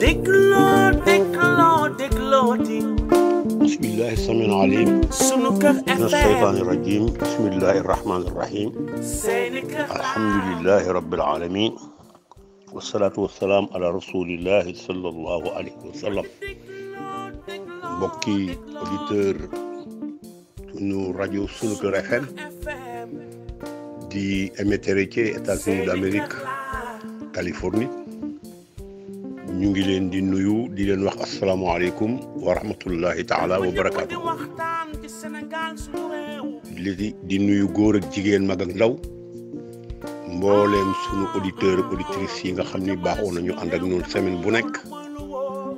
dégloo dégloo déglooti bismillahi samin alim sunu kër FM min asheytaani rajim bismillahi rahmaani rahim alhamdulilahi rabbil alamin wasalaatu wasalaam ala rasulillahi sallallahu alayhi wa sallam mbokki auditeur sunu rajo sunu kër FM di MTRK États-Unis d'Amérique Californie ñu ngi leen di nuyu di leen wax alaykum wa rahmatullahi taala wa barakatuh. li di nuyu goor ak jigen mag ak ndaw mbooleem sunu auditeur auditrice yi nga xamni ni nañu and ak noonu semaine bu nek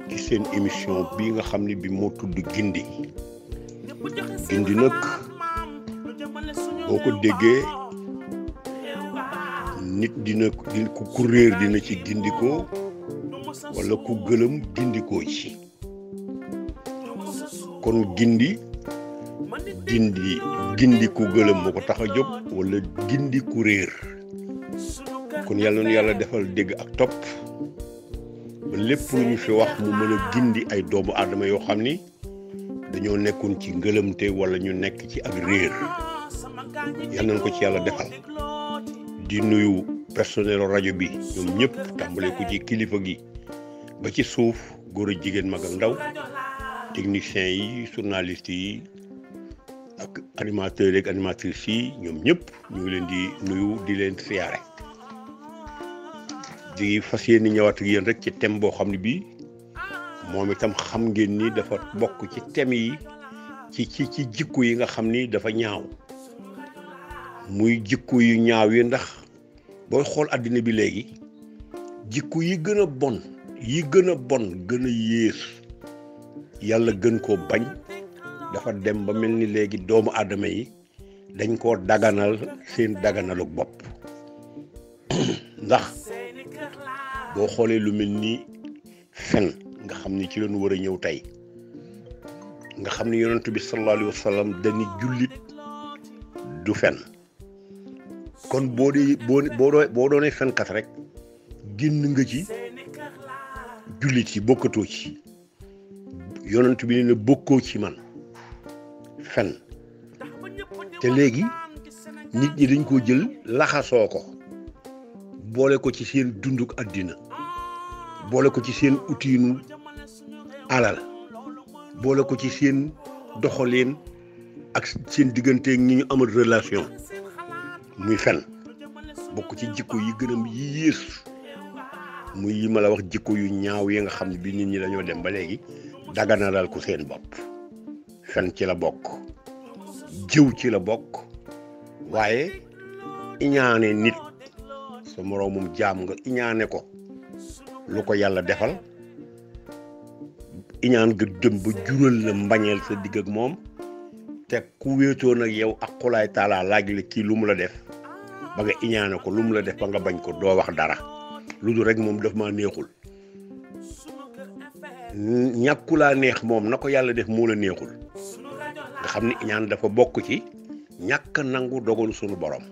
ci seen émission bi nga xamni bi mo tudd gindi gindi nak boko déggé nit dina ku réer dina ci gindiko wala ku gëlëm gindiko ci kon gindi gindi gindi ku gëlëm moko taxa job wala gindi ku réer kon yalla nu yalla defal deg ak top ba lepp lu ñu fi wax mu meuna gindi ay doomu adama yo xamni dañu nekkun nekkoon ci ngëlëmte wala ñu nekk ci ak reer yalla nañ ko ci yalla defal di nuyu personnel rajo bi ñoom ñëpp tàmbale ko ci kilifa gi ba ci suuf góor jigéen mag ndaw techniciens yi journalistes yi ak animateur ak animatrices yi ñoom ñëpp ñu ngi leen di nuyu di leen siyaare di fas yéene ñëwaat ak yéen rek ci thème boo xam ne bi moom itam xam ngeen ni dafa bokk ci thème yi ci ci ci jikko yi nga xam ni dafa ñaaw muy jikko yu ñaaw yi ndax. booy xool àddina bi léegi jikko yi gën a bon yi gën a bon gën a yées yàlla gën koo bañ dafa dem ba mel ni léegi doomu aadama yi dañ koo daganal seen daganalu bopp ndax boo xoolee lu mel ni fen nga xam ni ci lañu war a ñëw tey nga xam ni yonent bi sallallahu alayhi jullit du fen kon boo di boo boo boo doonee fenkat rek génn nga ci jullit yi bokkatoo ci yoonant bi ne na bokkoo ci man fen te léegi nit ñi dañ ko jël laxasoo ko boole ko ci seen dunduk àddina boole ko ci seen utiinu alal boole ko ci seen doxaleen ak seen digganteeg ñi ñu amal relation muy fen bokk ci jikko yi gën yi yéesu muy yi ma la wax jikko yu ñaaw yi nga xam ne bi nit ñi dañoo dem ba léegi daganalal ko seen bopp fen ci la bokk jiw ci la bokk waaye iñaane nit sa moroomum jaam nga iñaane ko lu ko yàlla defal iñaan nga jëm ba jural la mbañeel sa digg ak moom te ku wéetoo nag yow ak xulaay taala laaj la kii lu mu la def ba nga iñaane ko lu mu la def ba nga bañ ko doo wax dara lu dul rek moom daf maa neexul ñàkkulaa neex moom na ko yàlla def moo la neexul nga xam ne iñaan dafa bokk ci ñàkk nangu dogalu sunu borom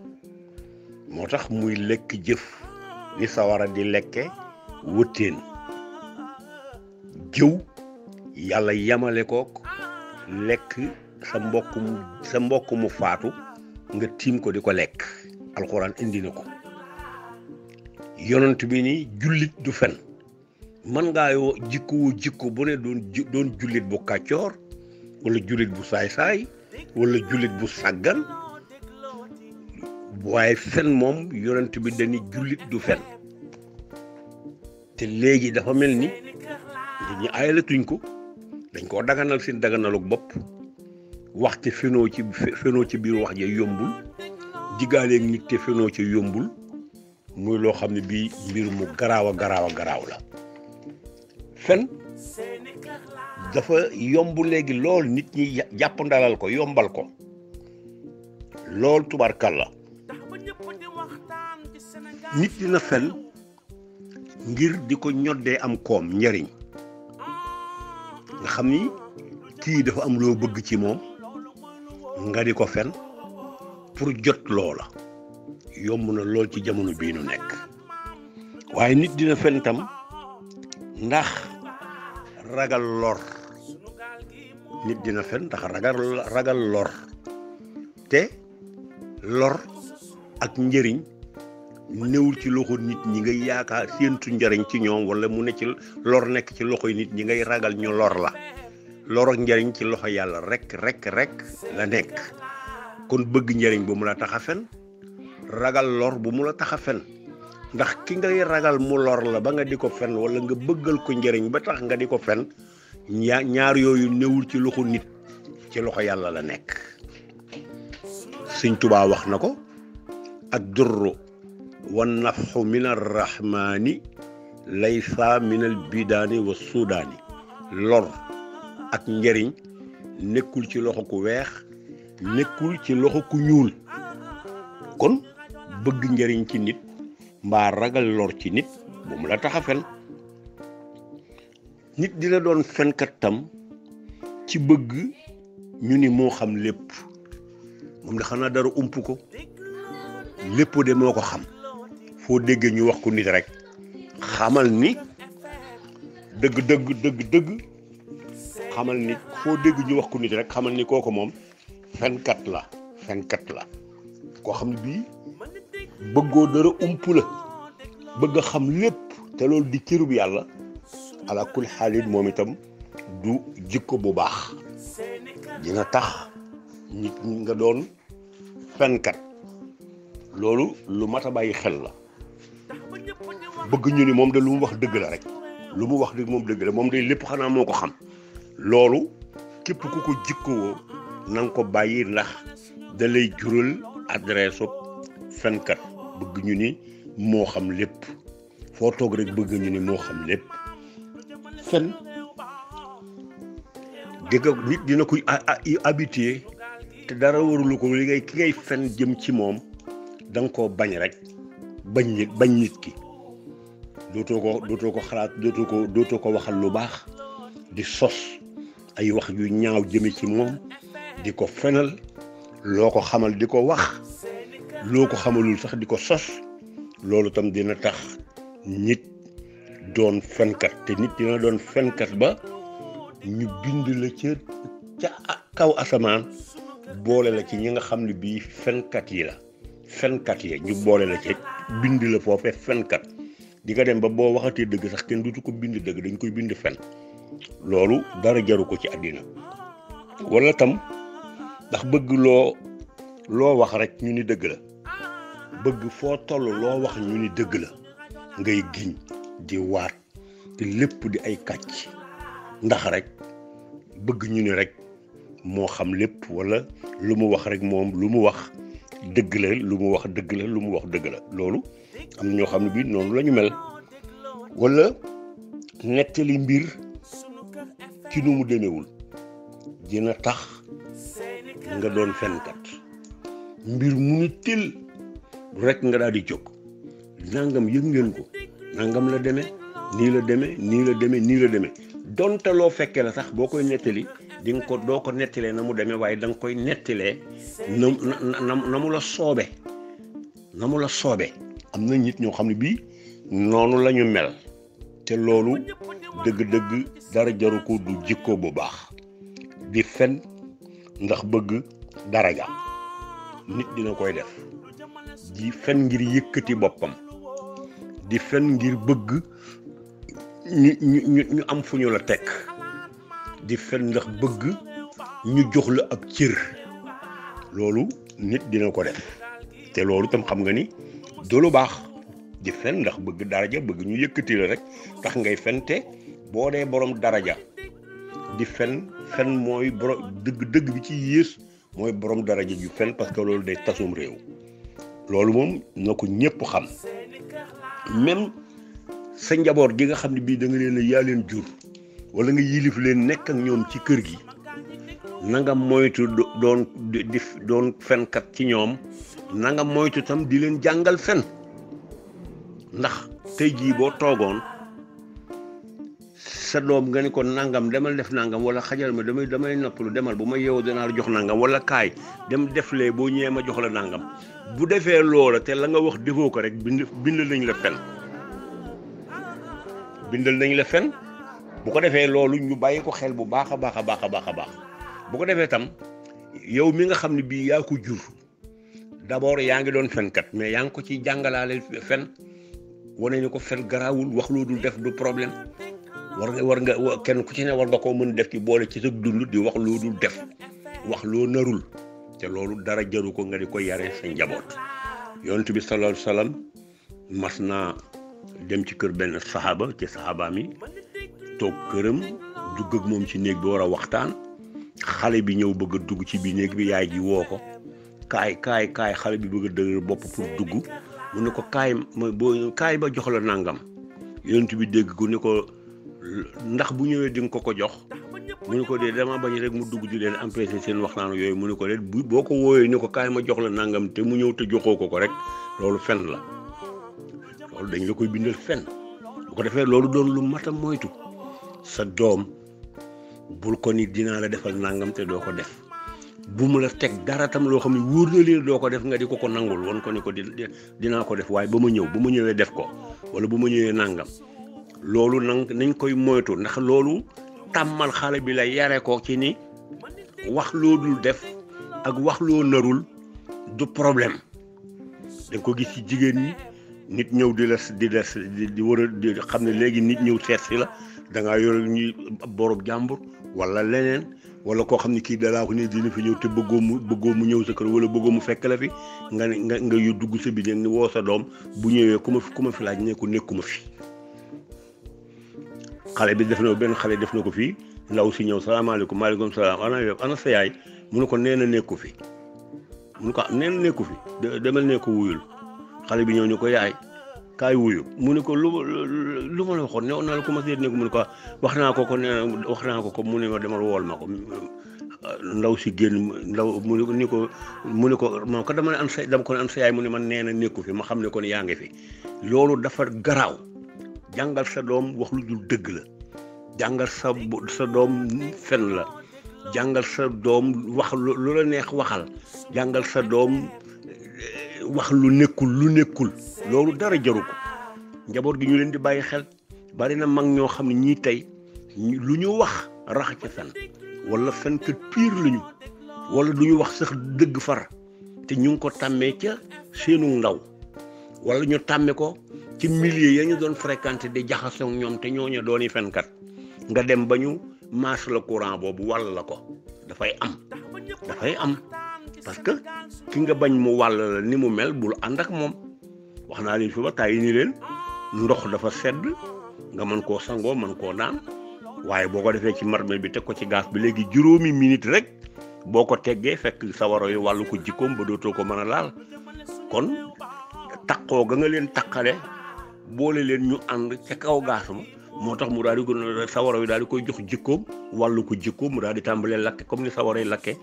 moo muy lekk jëf ni sawara di lekke wutin jëw yàlla yamale ko lekk sa mbokk mu sa mbokk mu faatu nga tiim ko di ko lekk alxuraan indi na ko yonent bi ni jullit du fen man ngaa yoo jikko jikko bu ne doon doon jullit bu kàccoor wala jullit bu saay-saay wala jullit bu sàggan waaye fen moom yonent bi dani jullit du fen te léegi dafa mel ni nit ñi ko dañ koo daganal seen daganaluk bopp wax te fenoo ci fenoo biir wax ja yombul diggaaleeg nit te fenoo ci yombul muy loo xam ne bii mbir mu garaaw a garaaw garaaw la fen dafa yomb léegi lool nit ñi jàpp ndalal ko yombal ko lool tubarkal la nit dina fen ngir di ko ñoddee am koom njariñ nga xam ni kii dafa am loo bëgg ci moom nga di ko fen pour jot loola yomb na lool ci jamono bii nu nekk waaye nit dina fen tam ndax ragal lor nit dina fen ndax ragal ragal lor te lor ak njëriñ newul ci loxo nit ñi ngay yaakaar séentu njariñ ci ñoom wala mu ne ci lor nek ci loxo nit ñi ngay ragal ñu lor la loro njariñ ci loxo yàlla rekk rekk rek la nekk kon bëgg njëriñ bu mu la tax a fen ragal lor bu mu la tax a fen ndax ki ngay ragal mu lor la ba nga di ko fen wala nga bëggal ko njëriñ ba tax nga di ko fen ñaar ñaar yooyu newul ci loxo nit ci loxo yàlla la nekk Sëñ tubaa wax na ko ak durru wa nafxu min arrahmaani laysa min albidaani wa sudaani lor ak njëriñ nekkul ci loxo ku weex nekkul ci loxo ku ñuul kon bëgg njëriñ ci nit mbaa ragal lor ci nit bu mu la tax a fen nit dina doon fenkat tam ci bëgg ñu ni moo xam lépp moom de xanaa dara ump ko léppo de moo ko xam foo déggee ñu wax ko nit rek xamal ni dëgg dëgg dëgg dëgg xamal ni foo deg ñu wax ko nit rek xamal ni mom fen kat la kat la ko xamni bi beggo dara umpu la bëgg xam lepp te loolu di cërub yalla ala kul halid momitam, du jikko bu baax dina tax nit nga doon kat loolu lu mata a xel la bëgg ñu ni mom de lu mu wax deug la rek lu mu wax mom deug la mom day lepp xana moko xam loolu képp ku ko jikkoo nanga ko bàyyi ndax da lay jural adresse fenkat bëgg ñu ni moo xam lépp foo toog rek bëgg ñu ni moo xam lépp fen dëgga nit dina koy habitué te dara warulu ko li ngay ki ngay fen jëm ci moom danga ko bañ rek bañ nit bañ nit ki dootoo ko dootoo ko xalaat dootoo ko dootoo ko waxal lu baax di sos ay wax yu ñaaw jëme ci moom di ko fenal loo ko xamal di ko wax loo ko xamalul sax di ko sos loolu tam dina tax nit doon fenkat te nit dina doon fenkat ba ñu bind la ca ca kaw asamaan boole la ci ñi nga xam ni bii fenkat yi la fenkat yi ñu boole la ca bind la foofe fenkat di nga dem ba boo waxatee dëgg sax kenn dutu ko bind dëgg dañ koy bind fen loolu dara jaru ko ci àddina wala tam ndax bëgg loo loo wax rek ñu ni dëgg la bëgg foo toll loo wax ñu ni dëgg la ngay giñ di waat te lépp di ay kàcc ndax rekk bëgg ñu ni rek moo xam lépp walla lu mu wax rek moom lu mu wax dëgg la lu mu wax dëgg la lu mu wax dëgg la loolu am na ñoo xam ne bii noonu lañu ñu mel wala nettali mbir ci nu mu demewul dina tax nga doon fenkat mbir mu ni til rek nga daal di jóg nangam yëg ngeen ko nangam la deme nii la deme nii la deme nii la deme donte loo fekkee la tax boo koy nettali di nga ko doo ko nettalee na mu demee waaye danga koy nettalee na na na mu la soobe na mu la soobe am na nit ñoo xam ne bii noonu la ñu mel te loolu dëgg-dëgg dara jaru ko du jikko bu bax di fen ndax bëgg daraja nit dina koy def di fen ngir yëkkati boppam di fen ngir bëgg ñu ñu am fuñu la tek di fen ndax bëgg ñu jox la ak ciir loolu nit dina ko def te loolu tam xam nga ni do lu baax di fen ndax bëgg daraja bëgg ñu yëkkati la rek tax ngay te boo dee borom daraja di fen fen mooy borom dëgg dëgg bi ci yées mooy borom daraja ju fen parce que loolu day tasum réew loolu moom na ko ñëpp xam même sa njaboot gi nga xam ne bii danga leen a yaa leen jur wala nga yilif leen nekk ak ñoom ci kër gi na nga moytu doon di doon fenkat ci ñoom na nga moytu tam di leen jàngal fen ndax tey jii boo toogoon sa doom nga ni ko nangam demal def nangam wala xajal ma damay damay noppalu demal bu ma yeewoo danaa la jox nangam wala kaay dem def lee boo ñëwee ma jox la nangam bu defee loola te la nga wax defoo ko rek bind bindal nañ la fen bindal nañ la fen bu ko defee loolu ñu bàyyi ko xel bu baax a baax a baax a baax a baax bu ko defee tam yow mi nga xam ne bii yaa ko jur d'abord yaa ngi doon fenkat mais yaa ngi ko ci jàngalaale fen wane ñu ko fen garaawul wax loo dul def du problème war nga war nga kenn ku ci ne war nga koo mën def ci boole ci sag dund di wax loo dul def wax loo narul te loolu dara jaru ko nga di ko yare sa njaboot yonent bi sallallahu alayhi wa sallam mas naa dem ci kër benn saxaaba ci saxaabaam yi toog këram dugg moom ci néeg bi war a waxtaan xale bi ñëw bëgg a dugg ci biir néeg bi yaay ji woo ko kaay kaay kaay xale bi bëgg a dëgër bopp pour dugg mu ne ko kaay ma boo kaay ba jox la nangam yonent bi dégg ko ne ko. ndax bu ñëwee di ko ko jox mu ne ko dee dama bañ rek mu dugg di leen empêché seen waxtaan yooyu mu ne ko dee bu boo ko wooyee ni ko kaay ma jox la nangam te mu ñëw te joxoo ko ko rek loolu fen la loolu dañ la koy fen bu ko defee loolu doon lu matam moytu sa doom bul ko ni dinaa la defal nangam te doo ko def bu mu la teg dara tam loo xam ne wóor na leen doo ko def nga di ko ko nangul won ko ni ko di dinaa ko def waaye ba ma ñëw bu ma ñëwee def ko wala bu ma ñëwee nangam loolu nag nañ koy moytu ndax loolu tàmmal xale bi la yare ko ci nii wax loo dul def ak wax loo narul du problème dañ ko gis ci jigéen ñi nit ñëw di les di la di war a xam ne léegi nit ñëw seet si la da ngaa yore ñuy borob jàmbur wala leneen wala koo xam ne kii dalaa ko ne dina fi ñëw te bëggoo mu bëggoo mu ñëw sa kër wala bëggoo mu fekk la fi nga nga nga yu dugg sa biir ni woo sa doom bu ñëwee ku ma fi ku ma fi laaj ne ko nekkuma fi. xale bi def na benn xale def na ko fii ndaw si ñëw salaamaaleykum maaleykum salaam ana sayaay ana mu ne ko nee na nekku fi mu ne ko nee na nekku fi demal ne xale bi ñëw ñu ko yaay kaay wuyu mu ne ko lu lu ma la ko mas a mu ne ko wax naa ko ko nee na ko ko mu ne ma demal wool ma ko ndaw si génn ndaw mu ne ko mu ne ko man ko dama ne an sa ko ne an mu ne man nee na nekku fi ma xam ne kon yaa ngi fi loolu dafa garaaw. jàngal sa doom wax lu dul dëgg la jàngal sa sa doom fen la jàngal sa doom wax lu la neex waxal jàngal sa doom eh, wax lu nekkul lu nekkul loolu dara jaru njaboot gi ñu leen di bàyyi xel bari na mag ñoo xam ne ñii tey lu ñu wax rax ca fen wala fen kër piir lañu wala lu ñu wax sax dëgg far te ñu ngi ko tàmmee ca seenu ndaw wala ñu tàmme ko ci milier ya ñu doon fréquenté di jaxasoo ñoom te ñooñu dooni kat nga dem bañu marche le courant bobu wàll la ko fay am fay am parce que ki nga bañ mu wàll la ni mu mel bul ànd ak moom wax li leen suba tàyyi ni leen ndox dafa sedd nga man ko sango man ko naan waye boko ko ci marmel bi teg ko ci gaz bi légui juroomi minute rek boko téggé fekk sawaro yu wàllu ko jikko ba doto ko mëna laal kon takko ga nga len takkale boole leen ñu ànd ca kaw gaas ma moo tax mu daal di ko sawara wi daal di koy jox jikkoom wàllu ko jikkoom mu daal di tàmbalee lakke comme ngi sawara yi lakke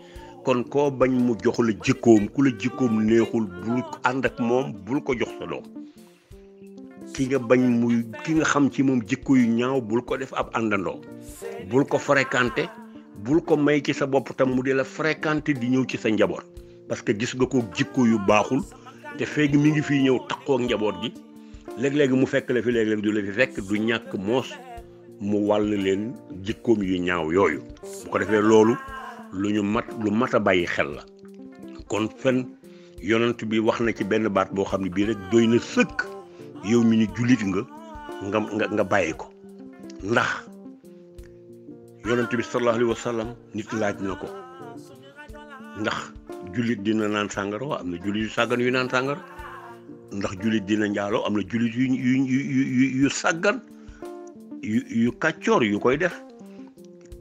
kon koo bañ mu jox la jikkoom ku la jikkoom neexul bul ànd ak moom bul ko jox sa doom nga bañ muy ki nga xam ci moom jikko yu ñaaw bul ko def ab àndandoo bul ko fréquenté bul ko may ci sa bopp tam mu dee la fréquenté di ñëw ci sa njaboot parce que gis nga ko jikkoo yu baaxul te feegi mi ngi fii ñëw takkook njaboot gi leg leg mu fekk la fi leg leg du la fi fekk du ñàkk moos mu wàll leen jikkoom yu ñaaw yooyu bu ko defee loolu lu ñu mat lu mat a bàyyi xel la kon fen yonent bi wax na ci benn baat boo xam ne bii rek doy na sëkk yow mi ni julit nga nga nga nga bàyyi ko ndax yonent bi sallallahu alayhi wa sallam nit laaj na ko ndax julit dina naan sàngara waa am na yu sàggan yu naan sàngara ndax jullit dina njaaloo am na jullit yu yu yu sàggan yu kàccoor yu koy def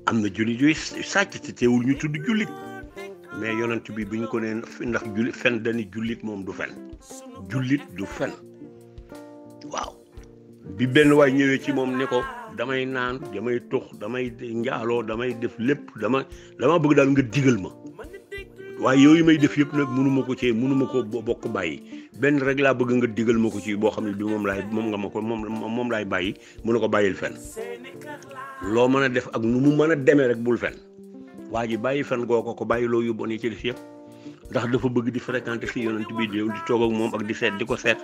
am na jullit yuy sàcc te teewul ñu tudd jullit mais yonent bi bu ñu ko nee ndax jullit fen dañuy jullit moom du fen jullit du fen waaw bi benn waay ñëwee ci moom ni ko damay naan damay tux damay njaaloo damay def lépp dama dama bëgg daal nga digal ma waaye yooyu may def yëpp nag mënuma ko cee mënuma ko bokk bàyyi benn rek laa bëgg nga digal ma ko ci boo xam ne bi moom laay moom nga ma ko moom moom laay bàyyi mu ne ko bàyyil fen loo mën a def ak nu mu mën a demee rek bul fen waa ji bàyyi fen goo ko ko bàyyi loo yóbboon yi ci def yëpp ndax dafa bëgg di fréquenter si yonent bi di toog ak moom ak di seet di ko seet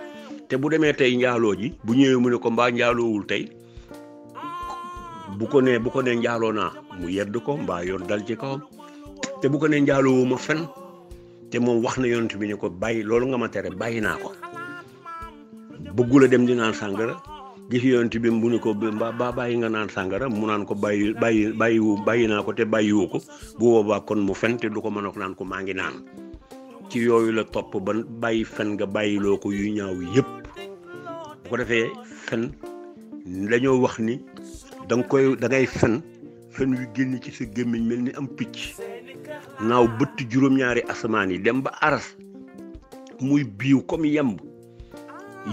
te bu demee tey njaaloo ji bu ñëwee mu ne ko mbaa njaaloowul tey bu ko nee bu ko nee njaaloo naa mu yedd ko mbaa yoon dal ci kawam te bu ko nee njaaloo ma fen te moom wax na yonent bi ne ko bàyyi loolu nga ma tere bàyyi naa ko bëggula dem di naan sàngara gis yonent bi mu ne ko ba bàyyi nga naan sàngara mu naan ko bàyyi bàyyi bàyyiwu bàyyi naa ko te bàyyiwu ko bu boobaa kon mu fen te du ko mën a naan ko maa ngi naan ci yooyu la topp ba bàyyi fen nga bàyyiloo ko yu ñaaw yëpp bu ko defee fen dañoo wax ni da nga koy da ngay fen fen yu génn ci sa gémmiñ mel ni am picc naaw bëtt juróom-ñaari asamaan yi dem ba aras muy biiw comme yemb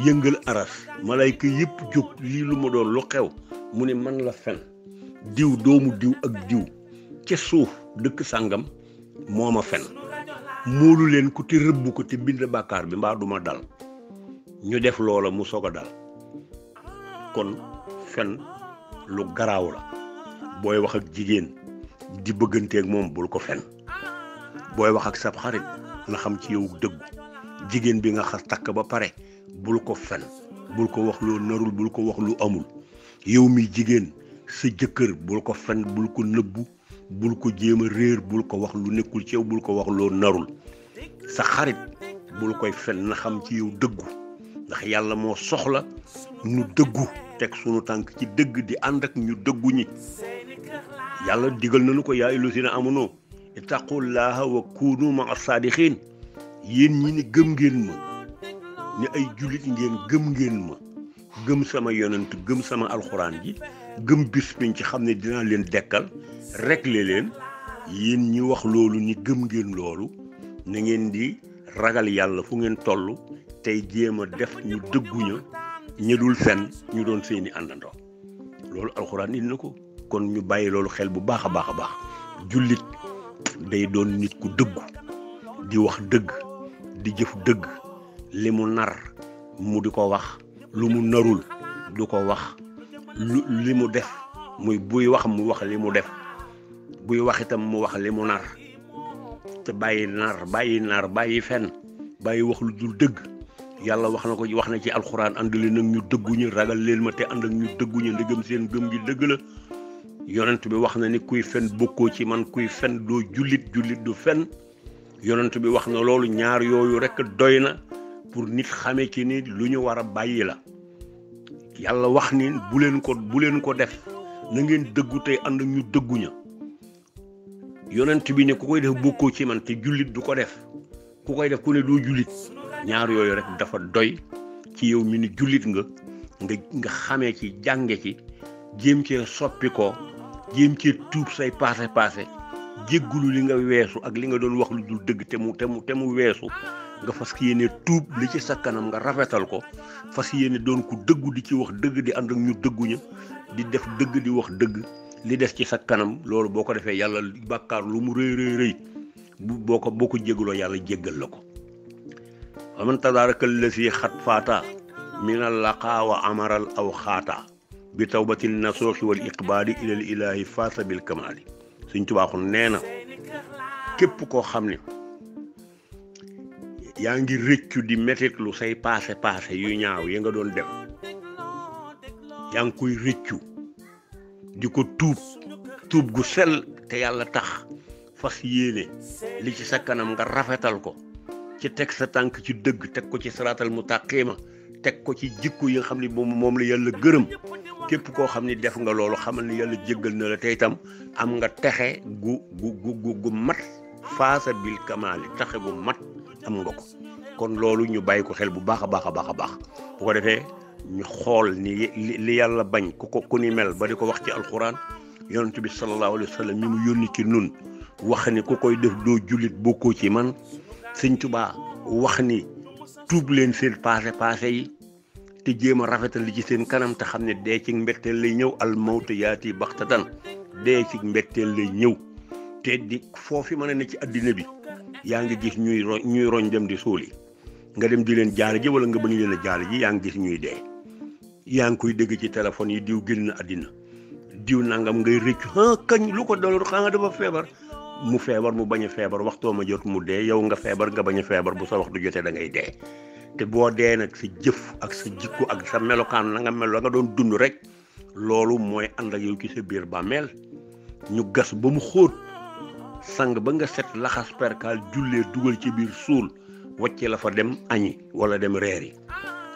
yëngal aras malayka yëpp jóg lii lu ma doon lu xew mu ne man la fen diw doomu diw ak diw ca suuf dëkk sàngam moo ma fen moolu leen ko te rëbb ko te bind bàkkaar bi mbaa duma dal ñu def loola mu soog a dal kon fen lu garaaw la booy wax ak jigéen di bëgganteek moom bul ko fen booy wax ak sab xarit na xam ci yow dëggu jigéen bi nga xas takk ba pare bul ko fen bul ko wax loo narul bul ko wax lu amul yow mi jigéen sa jëkkër bul ko fen bul ko nëbbu bul ko jéem a réer bul ko wax lu nekkul ci bul ko wax loo narul sa xarit bul koy fen na xam ci yow dëggu ndax yàlla moo soxla nu dëggu teg sunu tànk ci dëgg di ànd ak ñu dëggu ñi yàlla digal nañu ko yaa ayyuhallazina amanu ittaqullaha wa kunu ma'a saadiqin yéen ñi ni gëm ngeen ma ni ay jullit ngeen gëm ngeen ma gëm sama yonent gëm sama alxuraan ji gëm bis biñ ci xam ne dina leen dekkal réglé leen yéen ñi wax loolu ni gëm ngeen loolu na ngeen di ragal yàlla fu ngeen tollu tey jéem a def ñu dëgguña dul seen ñu doon seeni àndandoo loolu alxuraan indi na ko kon ñu bàyyi loolu xel bu baax a baax a baax jullit day doon nit ku dëggu di wax dëgg di jëf dëgg li mu nar mu di ko wax lu mu narul du ko wax lu li mu def muy buy wax mu wax li mu def buy wax itam mu wax li mu nar te bàyyi nar bàyyi nar bàyyi fen bàyyi wax lu dul dëgg yàlla wax na ko wax na ci alxuraan ànd leen ak ñu dëgguñu ragal leen ma te ànd ak ñu dëgguñu ndegam seen gëm gi dëgg la yonent bi wax na ni kuy fen bokkoo ci man kuy fen doo jullit jullit du fen yonent bi wax na loolu ñaar yooyu rek doy na pour nit xame ci ni lu ñu war a bàyyi la yàlla wax ni bu leen ko bu leen ko def na ngeen dëggu tey ànd ñu dëggu ña yonent bi ne ku koy def bokkoo ci man te jullit du ko def ku koy def ku ne doo jullit ñaar yooyu rek dafa doy ci yow mi ni jullit nga nga nga xamee ci jànge ci jéem cee soppi ko jéem cee tuub say passé passé jéggulu li nga weesu ak li nga doon wax lu dul dëgg te mu te mu te mu weesu nga fas yéene tuub li ci sa kanam nga rafetal ko fas yéene doon ku dëggu di ci wax dëgg di ànd ak ñu dëgguña di def dëgg di wax dëgg li des ci sa kanam loolu boo ko defee yàlla bàkkaar lu mu rëy rëy rëy boo ko boo ko jégaloo yàlla jéggal la ko aman tadaarakal la si xat faata mina laqaa wa amaral aw xaata بتوبة النصوح والإقبال إلى الإله فاس بالكمال سن تباخ نينا كيب كو خامني ياغي reccu di ميتيك lu ساي pase passé yu نياو ييغا دون ديم dem yaangi reccu di ko tuub tuub gu sel te yàlla tax fas yéene li ci sa kanam nga rafetal ko ci teg sa tànk ci dëgg ko ci ko ci jikko yi nga mom la yalla geureum képp koo xam ni def nga loolu xamal ni yàlla jéggal na la te tam am nga texe gu gu gu gu mat faasa bil kamaali texe gu mat am nga ko kon loolu ñu bàyyi ko xel bu baax a baax a baax a baax bu ko defee ñu xool ni li yàlla bañ ku ko ku ni mel ba di ko wax ci alxuraan yonent bi sallallahu alayhi wa sallam mi mu yónni ci nun wax ni ku koy def doo jullit bokkoo ci man sëñ Tuubaa wax ni tuub leen seen passé passé yi te jema rafetal li ci seen kanam te xamne de ci mbettel lay ñew al mawtu yaati baqtatan de ci mbettel lay ñew te di fofu mané ne ci adina bi ya nga gis ñuy ñuy roñ dem di suli, nga dem di len jaar ji wala nga bañ len jaar ji ya nga gis ñuy de ya nga koy ci téléphone yi diw na adina diw nangam ngay rëcc ha ah, kañ lu ko daloon xanga dafa feebar mu febar, mu baña a waxto ma jot mu de yow nga feebar nga baña a bu sa waxtu jotté da ngay de te boo dee nag sa jëf ak sa jikko ak sa melokaan la nga mel la nga doon dund rek loolu mooy ànd ak yow ci sa biir bàmmeel ñu gas ba mu xóot sang ba nga set laxas perkaal jullee dugal ci biir suul wàcce la fa dem añi wala dem yi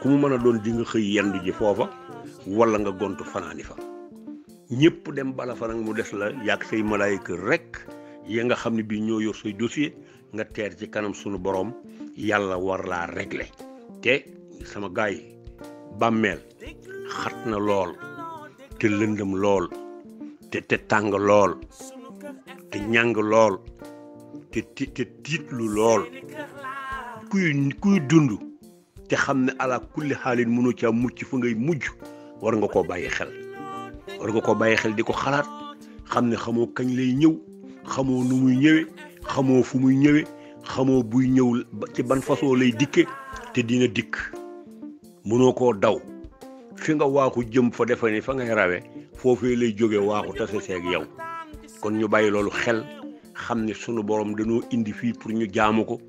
ku mu mën a doon di nga xëy yendu ji foofa wala nga gontu fanaani fa ñëpp dem bala fa nag mu des la say malaayika rek ya nga xam ne bii ñoo yor say dossier nga teer ci kanam sunu borom yàlla war laa régler te sama gaay yi bàmmeel xat na lool te lëndëm lool te te lool te ñàng lool te tiitlu lool kuy kuy dund te xam ne ala kulli xaalin mënu caa mucc fa ngay mujj war nga koo bàyyi xel war nga koo bàyyi xel di ko xalaat xam ne xamoo kañ lay ñëw xamoo nu muy ñëwee xamoo fu muy ñëwee xamoo buy ñëw ci ban façon lay dikke te dina dikk mënoo koo daw fi nga waaxu jëm fa defe fa ngay rawe foofee lay jóge waaxu tase seeg yow kon ñu bàyyi loolu xel xam ne sunu borom dañoo indi fii pour ñu jaamu ko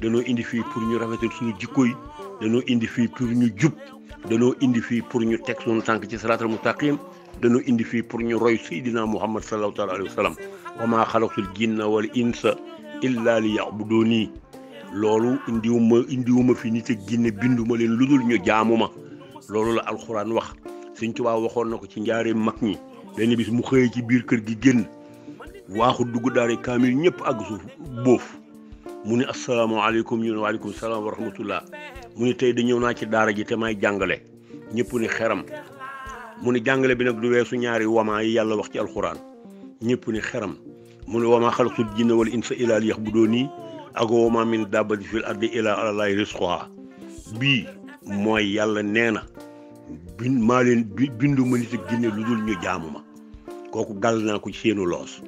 dañoo indi fii pour ñu rafetal suñu jikko danoo indi fii pour ñu jub danoo indi fii pour ñu teg suñu tànk ci siraatal mustaqim danoo indi fii pour ñu roy saydina muhammad sallallahu taala alayhi wa sallam wa maa xalaqtul jinna wal insa illa li ya'buduni loolu indiwuma indiwuma fi nit ak ginne binduma leen lu ñu jaamuma loolu la alxuraan wax sëñ Tuubaa waxoon na ko ci njaareem mag ñi benn bis mu xëyee ci biir kër gi génn waaxu dugg daare kaamil ñëpp àgg suuf boof mu ne asalaamaaleykum ñu ne waaleykum salaam wa rahmatullah mu ne tey de ñëw naa ci daara ji te may jàngale ñëpp ni xeram mu ne jàngale bi nag du weesu ñaari wamaa yi yàlla wax ci alxuraan ñëpp ni xeram mu ne wamaa xalaqtul jinna wal insa ilaa liyax bu doo nii ako wa ma min daabbatin fil ardi illaa alaa bii mooy yàlla nee na bin maa leen bindu ma nit ak dul ñu jaamu kooku gàll naa ko ci seenu loos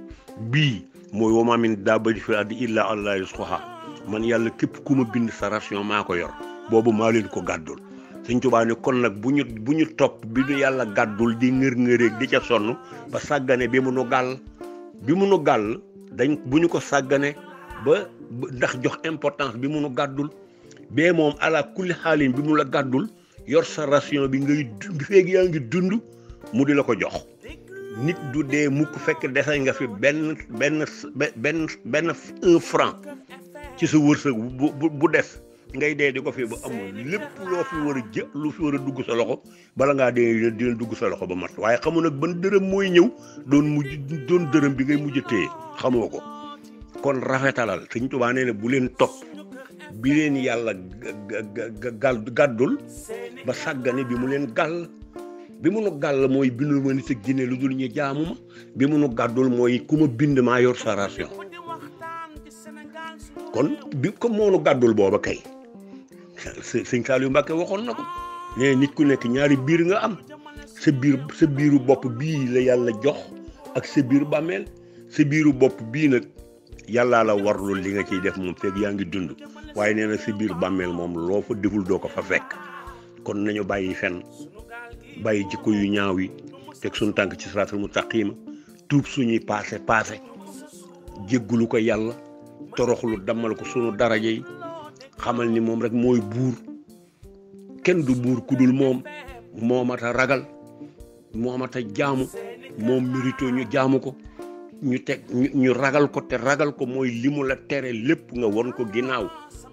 bii mooy wa ma min daabbatin fil ardi illaa alaa man yàlla képp ku ma bind sa ration maa ko yor boobu maa ko gàddul Sëñ kon nag bu ñu bi ñu yàlla gàddul di ngër-ngëreeg di ca sonn ba bi mu nu bi mu nu dañ bu ko sàggane ba ndax jox importance bi mu nu gàddul bee moom ala kulli xaalin bi mu la gàddul yor sa ration bi ngay feeg yaa ngi dund mu di la ko jox nit du dee mukk fekk dese nga fi benn benn benn benn un franc ci sa wërsëg bu bu des ngay dee di ko fi ba amul lépp loo fi war a jë lu fi war a dugg sa loxo bala ngaa dee dina dugg sa loxo ba mat waaye xamu nag ban dërëm mooy ñëw doon mujj doon dërëm bi ngay mujj téye xamoo ko kon rafetalal sëñ tubaa neena bu len top bi len yalla gal gàddul ba sagane bi mu len gal, bi mu nu gal moy bi nu meun ci gine lu dul ñu jaamu bi mu nu gàddul moy kuma bind ma yor sa ration kon bi ko mo nu gàddul boba kay sëñ Saliou Mbacke waxon nako ne nit ku nek ñaari bir nga am sa bir sa biru bop bi la yalla jox ak sa bir bamel sa biru bop bi nak Yalla la warlu li nga ciy def mom fek yaangi dund waye neena na bir bammel mom lo fa deful do ko fa fek kon nañu bayyi fen bayyi jikko yu ñaawi tek teg suñu tànk ci siratul mustaqiima tuub suñuy passé passé jéggulu ko yalla toroxlu damal ko suñu daraaje xamal ni momrek rek moy bour ken du bour kudul mom momata ragal momata jaamu mom mérito ñu jaamu ko ñu teg ñu ragal ko te ragal ko mooy li mu la tere lépp nga won ko ginnaaw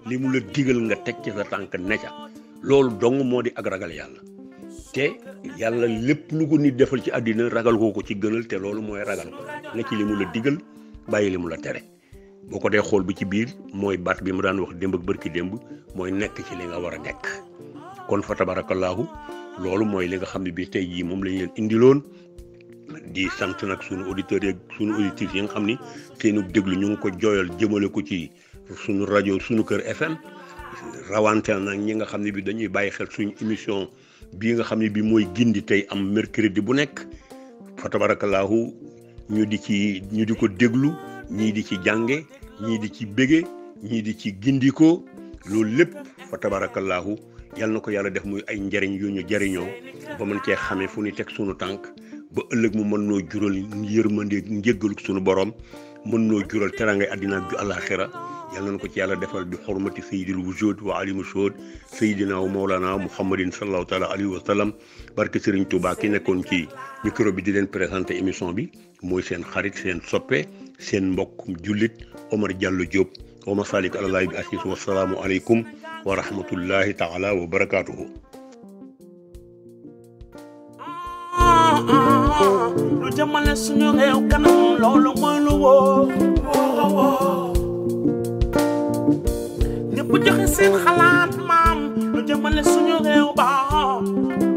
li mu la digal nga teg ci sa tànk ne loolu dong moo di ak ragal yàlla te yàlla lépp lu ko nit defal ci àddina ragal koo ko ci gënal te loolu mooy ragal ko ne ci li mu la digal bàyyi li mu la tere boo ko dee xool bi ci biir mooy baat bi mu daan wax démb ak bërki démb mooy nekk ci li nga war a nekk kon fa tabarakallahu loolu mooy li nga xam ne bii tey jii moom la ñu leen indiloon di sant nag sunu auditeurs yeeg sunu auditrices yi nga xam ni seenu déglu ñu ngi ko jooyal jëmale ko ci sunu rajo sunu kër FM rawanteel nag ñi nga xam ne bi dañuy bàyyi xel suñu émission bi nga xam ne bi mooy gindi tey am mercredi bu nekk fa tabarakallahu ñu di ci ñu di ko déglu ñii di ci jànge ñii di ci bége ñii di ci gindikoo loolu lépp fa tabarakallahu yal na ko yàlla def muy ay njëriñ yu ñu jëriñoo ba mën cee xamee fu ñu teg sunu tànk ba ëllëg mu mën noo jural yërmande njëggalu sunu borom mën noo jural terangay àddina bi ju àllaaxira yàlla nañu ko ci yàlla defal bi xormati sayidil wujud wa alimu shuhud sayidina wa mawlana muhammadin sallallahu taala alayhi wa sallam barke Serigne Touba ki nekkoon ci micro bi di leen présenté émission bi mooy seen xarit seen soppe seen mbokkum jullit Omar Diallo Diop wa masalik àlalahi bi asis wasalaamu aleykum wa rahmatullahi taala wa barakaatuhu lu jëmale suñu réew kanam loolu mooy lu woo ñëpp joxe seen xalaat maam lu jëmale suñu réew baax